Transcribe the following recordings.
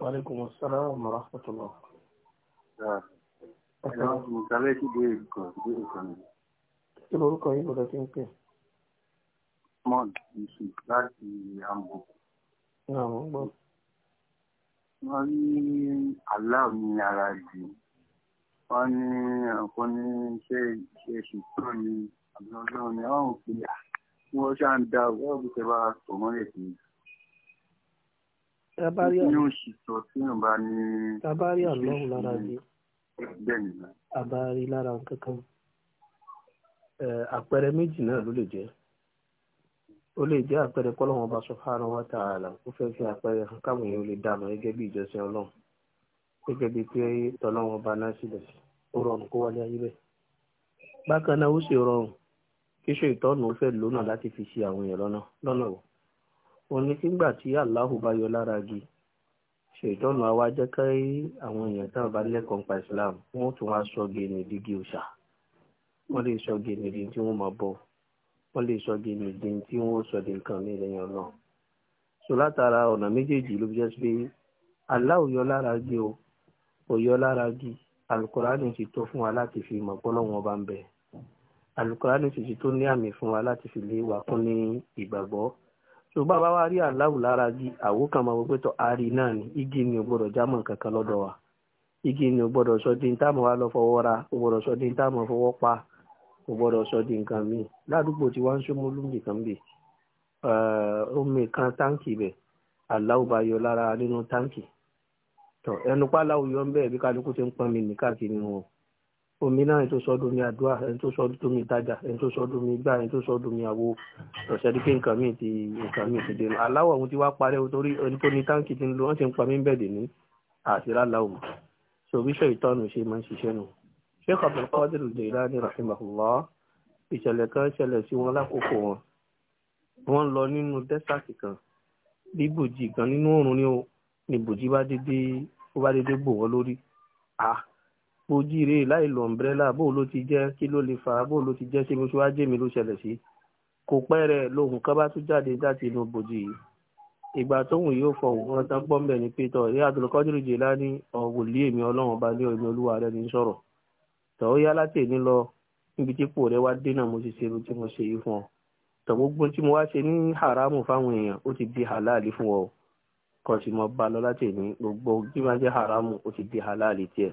Wàlékùn sálàmù ورحمة الله. lorúkọ yìí lọ́dọ̀ tí ń pè? Mọ́n ìṣù láti àmọ́. Náà mọ́ gbọ́. Wọ́n ní aláàmì ara jù. Wọ́n ní ọ̀pọ̀ ní iṣẹ́ ìṣèṣùkúrò ní àbúrò ní ọ̀hún fi wọ́n ṣáà ń da ọ̀gbọ́n ìṣẹ́ bá tòmọ́lẹ̀ sí Abari ọlọ́run lára bí abari lára kankan àpẹẹrẹ méjì náà ló lè jẹ́ ó lè jẹ́ àpẹẹrẹ kọ́lọ́wọ́n bá subhanahu wa ta'ala ó fẹ́ fi àpẹẹrẹ kan káwọn èèyàn lè dànù gẹ́gẹ́ bí ìjọsìn ọlọ́run gẹ́gẹ́ bí pé tọ́lọ́wọ́n bá náà sílẹ̀ ó rọrùn kó wálé ayé bẹ́ẹ̀ bákan náà ó sì rọrùn kí ìtọ́nù ó fẹ́ lónà láti fi ṣe àwọn èèyàn lọ́nà lọ́nà wò òun ni kígbà tí Allahu bá yọ lára igi ṣètọ́nù àwa jẹ́ kí àwọn èèyàn tá a bá lẹ́kọ̀ọ́ pa Islam wọ́n tún wá sọ gèèní dígí òṣà wọ́n lè sọ gèèní dín tí wọ́n máa bọ̀ wọ́n lè sọ gèèní tí wọ́n sọ di nǹkan ní ìlẹ́yìn ọ̀nà so látara ọ̀nà méjèèjì ló jẹ́ pé Allahu yọ lára igi o kò yọ lára igi alukurani ti tó fún wa láti fi mọ̀ pé Ọlọ́hun Ọba ti tó ní àmì fún wa láti fi lé wa kún ní ìgbàgbọ́ ṣùgbọ́n bá wá rí aláwù lára gi àwo kan máa ari náà igi ni ò gbọ́dọ̀ jámọ̀ kankan igi ni ò gbọ́dọ̀ sọ di táàmù wa lọ fọwọ́ ra ò gbọ́dọ̀ sọ di táàmù fọwọ́ pa ò gbọ́dọ̀ sọ di nǹkan míì ládùúgbò tí wọ́n ń súnmú lùmí kan bì eh, omi kan táǹkì bẹ̀ aláwù bá omi náà ẹni tó sọ domi àdúrà ẹni tó sọ domi ìtajà ẹni tó sọ domi igbá ẹni tó sọ domi àwo ọ̀sẹ̀ dípé nǹkan míì ti nǹkan míì ti dènà aláwọ̀ ọ̀hún ti wá parẹ́ torí ẹni tó ní táǹkì ti ń lo wọ́n ti ń pa mí bẹ̀dẹ̀ ní àṣírá láwùmọ̀ so bí sẹ́yìn tọ́nu ṣe máa ń ṣiṣẹ́ nù sheikh abdulkadir Jilani rahimahullah ìṣẹ̀lẹ̀ kan ṣẹlẹ̀ sí wọn lákòókò wọn wọ́n lọ nínú dẹ́sàtì kan bí bòjì kan nínú òrùn ni ó ni ah ojíire láì lo ọ̀mbrẹ́là bó ló ti jẹ́ kí ló lè fà á bó ló ti jẹ́ ṣé mo ṣe wá jèmi ló ṣẹlẹ̀ sí kò pẹ́ rẹ̀ lóhùn kan bá tún jáde láti inú bòjì yìí ìgbà tóhùn yóò fọ òun wọn tán gbọ́n bẹ̀ ní pétọ́ ìyá àdùnkọ́júrì jẹ́ láni ọ̀wọ̀ lé èmi ọlọ́run bá lé èmi olúwa rẹ̀ ní sọ̀rọ̀ tọ́ yá láti èmi lọ níbi tí pò rẹ wá dènà mo ti ṣe irú tí mo ṣe yìí fún ọ tọ́ gbogbo tí mo wá ṣe ní haramu fáwọn èèyàn ó ti di halali fún ọ kò sì mọ bá lọ láti èmi gbogbo tí máa haramu ó ti di halali tiẹ̀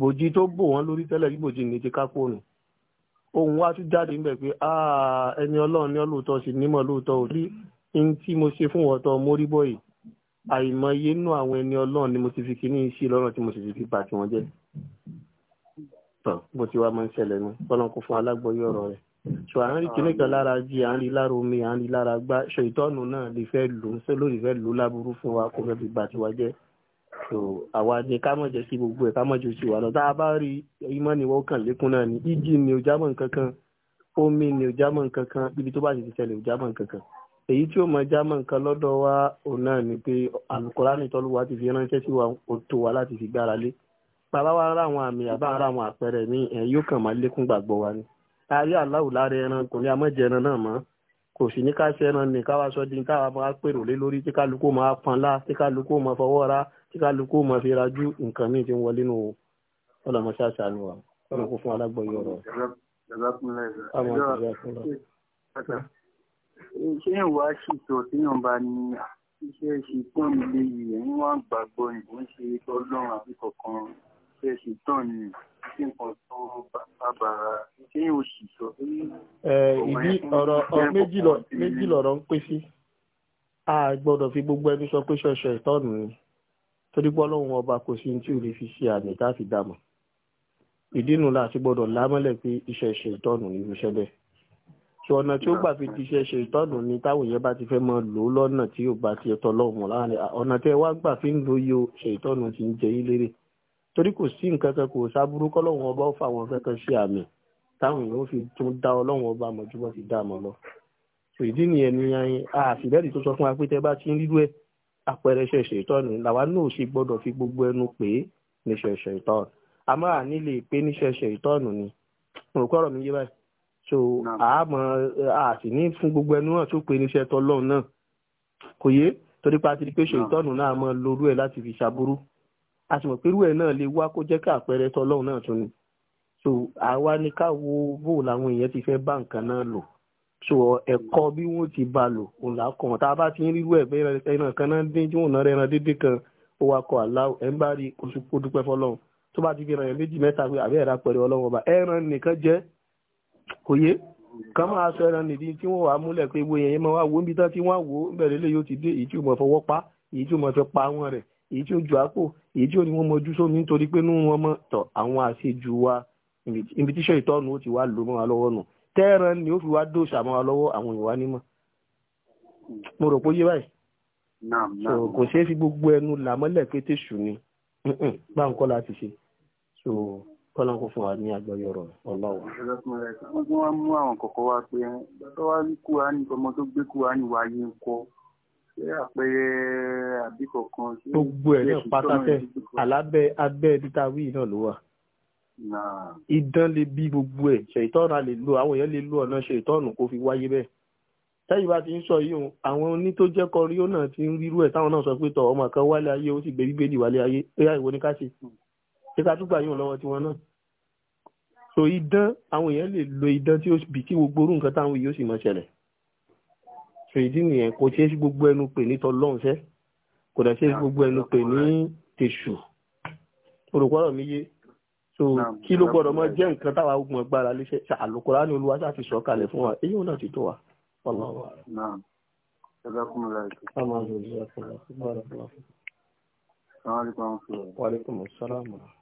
bòjì tó bò wọ́n lórí tẹ́lẹ̀ bí bòjì ní ti kápò nù ohun wa tún jáde ń bẹ̀ pé ẹni ọlọ́run ní ọlọ́ọ̀tọ́ sì nímọ̀ lóòótọ́ ò rí ní tí mo ṣe fún ọ̀tọ̀ mórí bọ́yì àìmọye inú àwọn ẹni ọlọ́run ni mo ti fi kíní sí lọ́rùn tí mo sì fi bà tí wọ́n jẹ́ tán bó ti wá máa ń ṣẹlẹ̀ nu bọ́lọ́n kó fún alágbọ̀yé ọ̀rọ̀ rẹ̀ ṣò à ń rí kíní kan lára jí à ń rí lára omi à ń rí lára gbá ṣò ìtọ́nù náà lè fẹ́ lò ó lórí fẹ́ lò ó láburú fún wa kó fẹ́ fi bà tí jẹ́ so àwa ni ká mọ̀ jẹ́ sí gbogbo ẹ̀ ká mọ̀ jù sí wa lọ tá a bá rí ìmọ̀ ni wọ́n kàn lékún náà ni ìjì ni ò jámọ̀ nǹkan kan omi ni ò jámọ̀ nǹkan kan ibi tó bá ti ṣẹlẹ̀ ò jámọ̀ nǹkan kan èyí tí ó mọ jámọ̀ nǹkan lọ́dọ̀ wa òun náà ni pé Àlùkùránì tọ́lúwa ti fi ránṣẹ́ sí wa ó tó wa láti fi gbára lé bàbá wa rà àwọn àmì àbá rà àwọn àpẹẹrẹ mi ẹ̀ yóò kàn máa lékún gbàgbọ́ wa ni a rí ẹran kò ní kò sì ní ká ṣẹran ní káwa sọ di káwa máa pèrò lé lórí tí kálukú máa panlá tí kálukú máa fọwọ́ ra tí kálukú máa fi rajú nǹkan míì ti ń wọlé nù o ọlọmọ ṣáṣà ni wa ọlọmọ kò fún alágbọyé ọ̀rọ̀. ṣé ìwà ṣètò tí yàn bá ní iṣẹ́ ìṣìtàn ilé yìí ẹ̀yìn wá gbàgbọ́ ìbò ṣe ọlọ́run àbí kọ̀ọ̀kan iṣẹ́ ìṣìtàn ni kí nǹkan tó bàbàrà ṣé ìwà ṣìṣọ́ ṣèbí ọ̀rọ̀ méjì lọ̀rọ̀ ń pèsè a gbọ́dọ̀ fi gbogbo ẹni sọ pé ṣọṣọ ìtọ́nù ni torí pé ọlọ́run ọba kò sí ní tí ò lè fi ṣe àmì tá a fi dàmọ̀ la ti gbọ́dọ̀ lámọ́lẹ̀ pé iṣẹ́ ṣe ìtọ́nù ni iṣẹ́ bẹ́ẹ̀ ṣe ọ̀nà tí ó gbà fi ti ṣe ṣe ìtọ́nù ni táwọn èèyàn bá ti fẹ́ mọ lò ó lọ́nà tí ò bá ti ẹ̀tọ́ lọ́wọ́ láàrin ọ̀nà tí ẹ wá gbà fi ń lo yo ṣe ìtọ́nù ti ń jẹ yín lérè torí kò sí nǹkan kan kò sábúrú kọ́lọ́run ọba ó fà wọn fẹ́ ṣe àmì táwọn èèyàn fi tún dá ọlọ́run ọba mọ̀ ju bọ́ ti dá a lọ. ìdí nìyẹn ni àfìlẹ́rì tó sọ fún wa pé tẹ́ bá ti ń rírú ẹ̀ àpẹẹrẹ ṣẹ̀ṣẹ̀ ìtọ́ni làwa náà ṣe gbọ́dọ̀ fi gbogbo ẹnu pè é ní ṣẹ̀ṣẹ̀ ìtọ́ni a máa nílé pé ní ṣẹ̀ṣẹ̀ ìtọ́ni ni mo rò pé ọ̀rọ̀ mi yé báyìí so àmọ́ àti ní fún gbogbo ẹnu náà tó pé níṣẹ́ tọ́lọ́run náà kò yé torí pa tiri pé ṣe ìtọ́nù náà mọ́ lórú ẹ̀ láti fi ṣàbúrú a mọ̀ pé irú ẹ̀ náà lè wá kó jẹ́ ká àpẹẹrẹ tọ́lọ́run náà tún ni so àwa ni ká wo bó làwọn èèyàn ti fẹ́ bá nǹkan náà lò so ẹ̀kọ́ bí wọ́n ti bá lò òun là kàn tá a bá ti ń rírú ẹ̀ bẹ́ẹ̀ ẹran kan náà dín tí wọ́n náà rẹran dídín kan ó wa kọ aláwọ̀ ẹ̀ ń bá rí oṣù kó dúpẹ́ fọlọ́run tó bá ti fi ràn yẹn méjì mẹ́ta pé àbí ẹ̀rá pẹ̀lú ọlọ́run ọba ẹran nìkan jẹ́ òye kan máa sọ ẹran nìdí tí wọ́n wà á múlẹ̀ pé wọ́n yẹn máa wá wo níbi tán tí wọ́n wò ó bẹ̀rẹ̀ lé yóò ti dé èyí tí mo fọwọ́ pa èyí tí mo fi pa wọn rẹ̀ èyí tí ó ju àpò èyí tí ó ní wọ́n mọjú sómi nítorí pé nínú wọn mọ̀ tọ̀ àwọn àṣejù wa ibi tíṣẹ́ ìtọ́nu ó ti wá lò mọ́ wa lọ́wọ́ nù tẹ́ran ni ó fi wá dóṣà mọ́ wa lọ́wọ́ àwọn ìwà nímọ̀ mo rò pé yé báyìí kò ṣeé fi gbogbo ẹnu là mọ́lẹ̀ pété ṣù ni bá ń kọ́ láti ṣe so kọ́lọ́n fún wa ní àgbọ̀yọ̀rọ̀ ọlọ́wọ́. wọ́n tún wá mú àwọn kọ̀ọ̀kan wá pé bàbá wa ní kúránì ọmọ tó gbé kúránì wáyé ń kọ́ ṣé àpẹẹrẹ àbí kọ̀ọ̀kan. gbogbo ẹ̀ náà pátákẹ́ alábẹ́ abẹ́ náà ló wà idán lè bí gbogbo ẹ̀ ṣètọ́ra lè lo àwọn èèyàn lè lo ọ̀nà ṣètọ́nù kó fi wáyé bẹ́ẹ̀ tẹ́yìn bá ti ń sọ yìí o àwọn oní tó jẹ́ kọrí ó náà ti ń rírú ẹ̀ táwọn náà sọ pé tọ̀ ọmọ kan wálé ayé ó sì gbé bíbélì wálé ayé ẹ̀yà ìwọ ni ká ṣe hmm. ṣé ká túgbà yóò lọ́wọ́ tiwọn náà so idán àwọn èèyàn lè lo idán tí ó bì tí gbogbo orú nǹkan táwọn yìí ó sì mọ ṣẹlẹ̀ so ìdí nìyẹn kò ṣeé sí gbogbo ẹnu pè ní tọlọ́ǹṣẹ́ kò dẹ̀ ṣeé sí gbogbo ẹnu pè ní tèṣù olùkọ́rọ̀ mi yé so kí ló gbọ́dọ̀ mọ jẹ́ nǹkan táwa ogun ọgbàrá lè ṣe àlùkòrá ní olúwa ṣáà ti sọ kalẹ̀ fún wa èyí ò náà ti tó wa. Wa alaikum salaam.